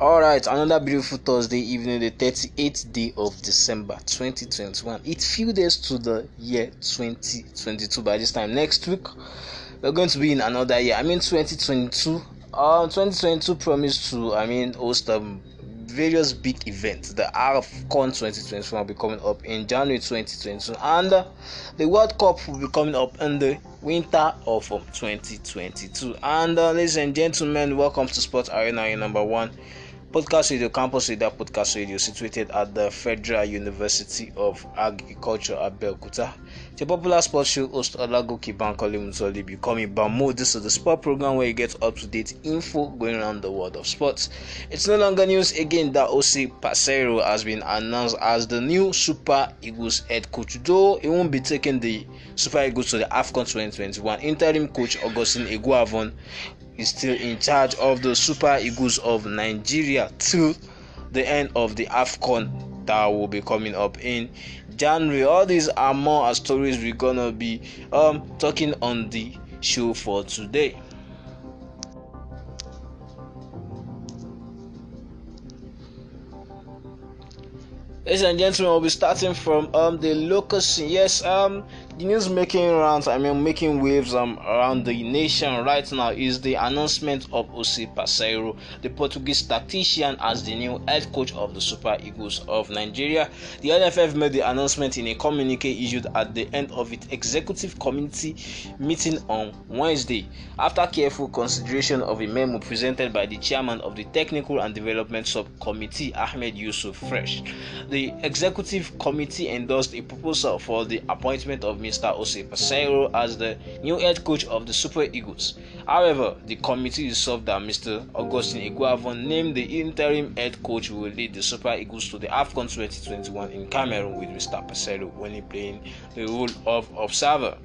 all right another beautiful thursday evening the 38th day of december 2021 it few days to the year 2022 by this time next week we're going to be in another year i mean 2022 Um, 2022 promised to i mean host um, various big events the AFCON 2021 will be coming up in january 2022 and uh, the world cup will be coming up in the winter of um, 2022 and uh, ladies and gentlemen welcome to sports arena number one Podcast Radio Campus Radio Podcast Radio, situated at the Federal University of Agriculture at Belkuta. The popular sports show host Olago Kibankole Mutoli becoming Bamu. This is the sport program where you get up to date info going around the world of sports. It's no longer news again that OC Pasero has been announced as the new Super Eagles head coach, though he won't be taking the Super Eagles to the AFCON 2021. Interim coach Augustine Iguavon is still in charge of the Super Eagles of Nigeria till the end of the AFCON that will be coming up in January. All these are more stories we're gonna be um, talking on the show for today. Ladies and gentlemen, we'll be starting from um, the local scene. Yes, um, the news making rounds, I mean, making waves um, around the nation right now is the announcement of Jose Paseiro, the Portuguese tactician, as the new head coach of the Super Eagles of Nigeria. The NFF made the announcement in a communique issued at the end of its executive committee meeting on Wednesday. After careful consideration of a memo presented by the chairman of the Technical and Development Subcommittee, Ahmed Yusuf Fresh, the executive committee endorsed a proposal for the appointment of Mr. Ose Pasero as the new head coach of the Super Eagles. However, the committee resolved that Mr. Augustine Iguavon named the interim head coach who will lead the Super Eagles to the AFCON 2021 in Cameroon with Mr. Pasero only playing the role of observer.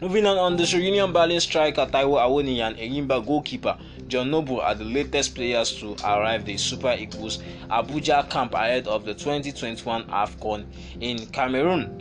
Moving on, on the Union Berlin striker Taiwo Awoni and Enyimba goalkeeper John Noble are the latest players to arrive the Super Eagles Abuja camp ahead of the 2021 AFCON in Cameroon.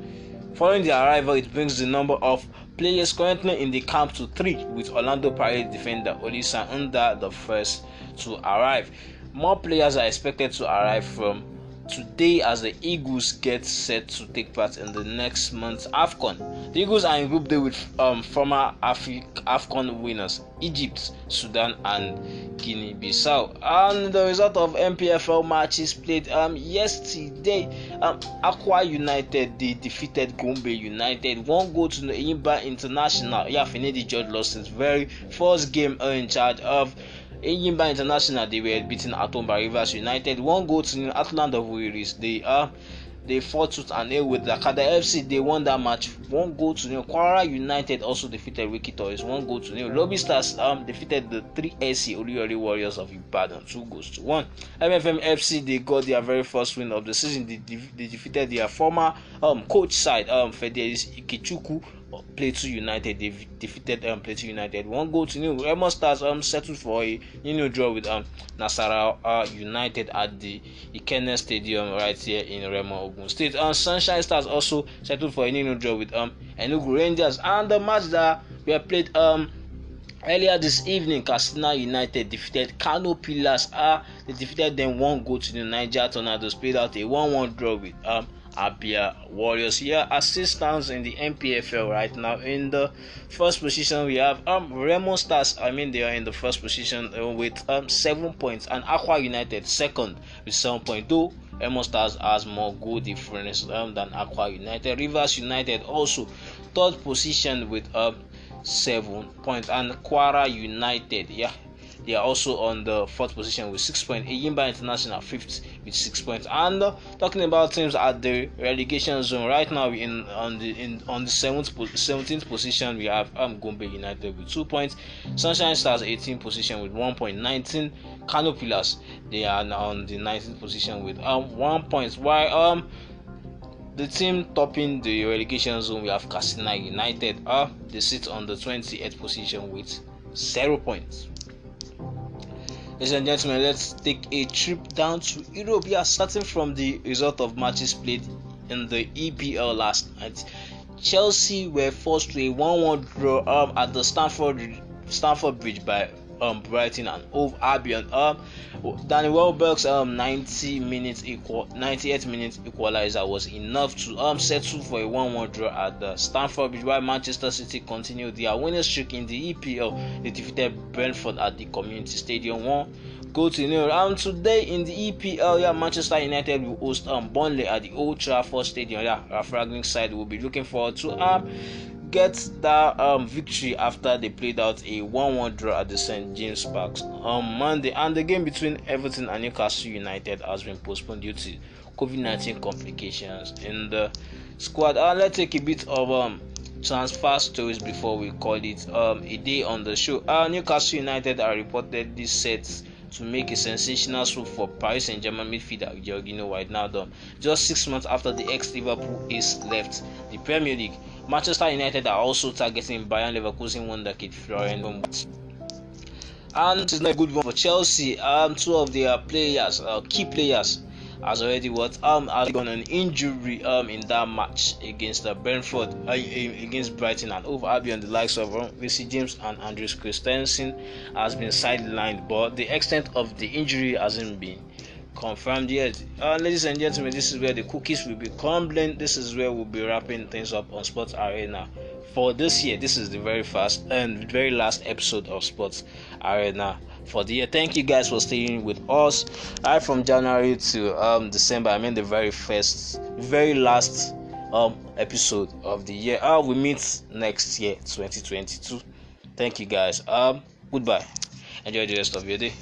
Following their arrival, it brings the number of players currently in the camp to three, with Orlando Pirates defender Olisa Unda the first to arrive. More players are expected to arrive from today as the Eagles get set to take part in the next month's AFCON. The Eagles are in Group D with um, former Afri- AFCON winners Egypt, Sudan, and Guinea Bissau. And the result of MPFL matches played um, yesterday um, Aqua United they defeated Gombe United. One goal to Imba International. Yafinidi George lost his very first game in charge of Enyimba International they were beaten Atom by Rivers United one goal to nil Atlanta Warriors they are. Uh, they fought tooth and nail with Dakada FC. They won that match one goal to nil. Kwara United also defeated Wiki Toys one goal to nil. Lobby Stars um, defeated the 3SC Oluyori Warriors of Ibadan two goals to one. MFM FC they got their very first win of the season. They, they defeated their former um, coach side um, Fede Ikichuku Plateau United. They defeated um, Plateau United one goal to nil. Remo Stars um settled for a nil draw with um Nasara uh, United at the Ikenne Stadium right here in Remo Ogun State. Um, Sunshine Stars also settled for a nil draw with um Enugu Rangers. And the match that we have played um earlier this evening katsina united defeated kano pillars ah uh, they defeated them one goal to the niger tornadoes played out a one one draw with um, Abia Warriors. Here are stands in the MPFL right now. In the first position, we have um Remo Stars. I mean, they are in the first position uh, with um seven points, and Aqua United second with seven points. Though Remo Stars has more good difference um, than Aqua United. Rivers United also third position with um seven points, and Quara United, yeah. They are also on the fourth position with six points. Iyimba International fifth with six points. And uh, talking about teams at the relegation zone right now, in on the in on the seventh seventeenth position, we have um, Gombe United with two points, Sunshine Stars 18th position with 1.19, Canopy Pillars they are now on the 19th position with um one point. Why um the team topping the relegation zone we have Casina United. Uh, they sit on the 28th position with zero points. Ladies and gentlemen, let's take a trip down to Europe. We are starting from the result of matches played in the EPL last night. Chelsea were forced to a 1 1 draw um, at the Stanford Stanford Bridge by um, Brighton and Hove Albion. Um, Danny Welbeck's um, 90 minutes equal 98 minutes equalizer was enough to um, settle for a 1-1 draw at the Stamford Bridge while Manchester City continued their winning streak in the EPL. They defeated Brentford at the Community Stadium 1 go to nil. And um, today in the EPL, yeah, Manchester United will host um Burnley at the Old Trafford Stadium. Yeah, our Fraggling side will be looking forward to um get that um, victory after they played out a 1 1 draw at the St. James Park on Monday, and the game between Everton and Newcastle United has been postponed due to COVID 19 complications in the squad. Uh, let's take a bit of um, transfer stories before we call it um, a day on the show. Uh, Newcastle United are reportedly set to make a sensational swoop for Paris Saint Germain midfielder Jorginho Wijnaldum just six months after the ex Liverpool ace left the Premier League. Manchester United are also targeting Bayern Leverkusen wonderkid Florian Wirtz. And it's not a good one for Chelsea. Um, two of their players, uh, key players, has already what um has gone an injury um in that match against uh, Brentford uh, against Brighton and over Albion the likes of um, James and Andrew Christensen has been sidelined but the extent of the injury hasn't been confirmed yet. Uh, ladies and gentlemen, this is where the cookies will be crumbling. This is where we'll be wrapping things up on Sports Arena for this year. This is the very first and very last episode of Sports Arena for the year. Thank you guys for staying with us. I right, from January to um, December. I mean the very first, very last um, episode of the year. Uh, we meet next year, 2022. Thank you guys. Um, goodbye. Enjoy the rest of your day.